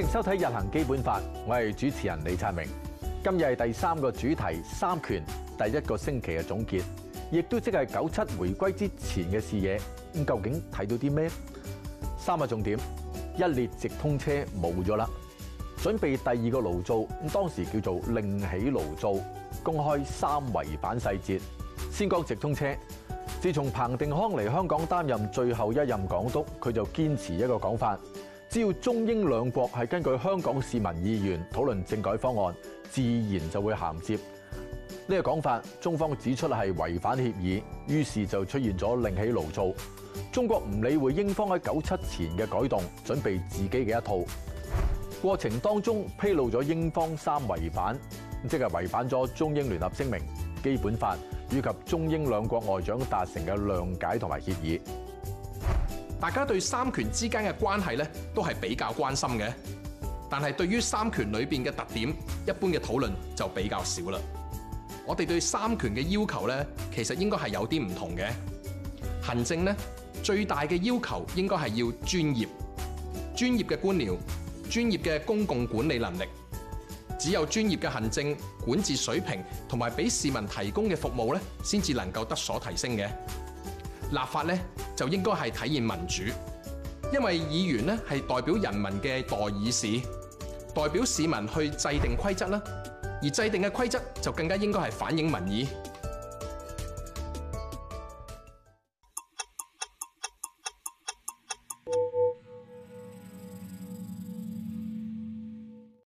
迎收睇《日行基本法》，我係主持人李燦明。今日係第三個主題，三權第一個星期嘅總結，亦都即係九七回歸之前嘅視野。咁究竟睇到啲咩？三個重點：一列直通車冇咗啦，準備第二個爐灶。當時叫做另起爐灶，公開三違反細節。先講直通車。自從彭定康嚟香港擔任最後一任港督，佢就堅持一個講法。只要中英兩國係根據香港市民意願討論政改方案，自然就會銜接。呢、這個講法，中方指出係違反協議，於是就出現咗另起爐灶。中國唔理會英方喺九七前嘅改動，準備自己嘅一套。過程當中披露咗英方三違反，即係違反咗中英聯合聲明、基本法以及中英兩國外長達成嘅諒解同埋協議。大家對三權之間嘅關係咧，都係比較關心嘅。但係對於三權裏邊嘅特點，一般嘅討論就比較少啦。我哋對三權嘅要求咧，其實應該係有啲唔同嘅。行政咧，最大嘅要求應該係要專業，專業嘅官僚、專業嘅公共管理能力，只有專業嘅行政管治水平同埋俾市民提供嘅服務咧，先至能夠得所提升嘅。立法咧，就應該係體現民主，因為議員咧係代表人民嘅代議士，代表市民去制定規則啦，而制定嘅規則就更加應該係反映民意。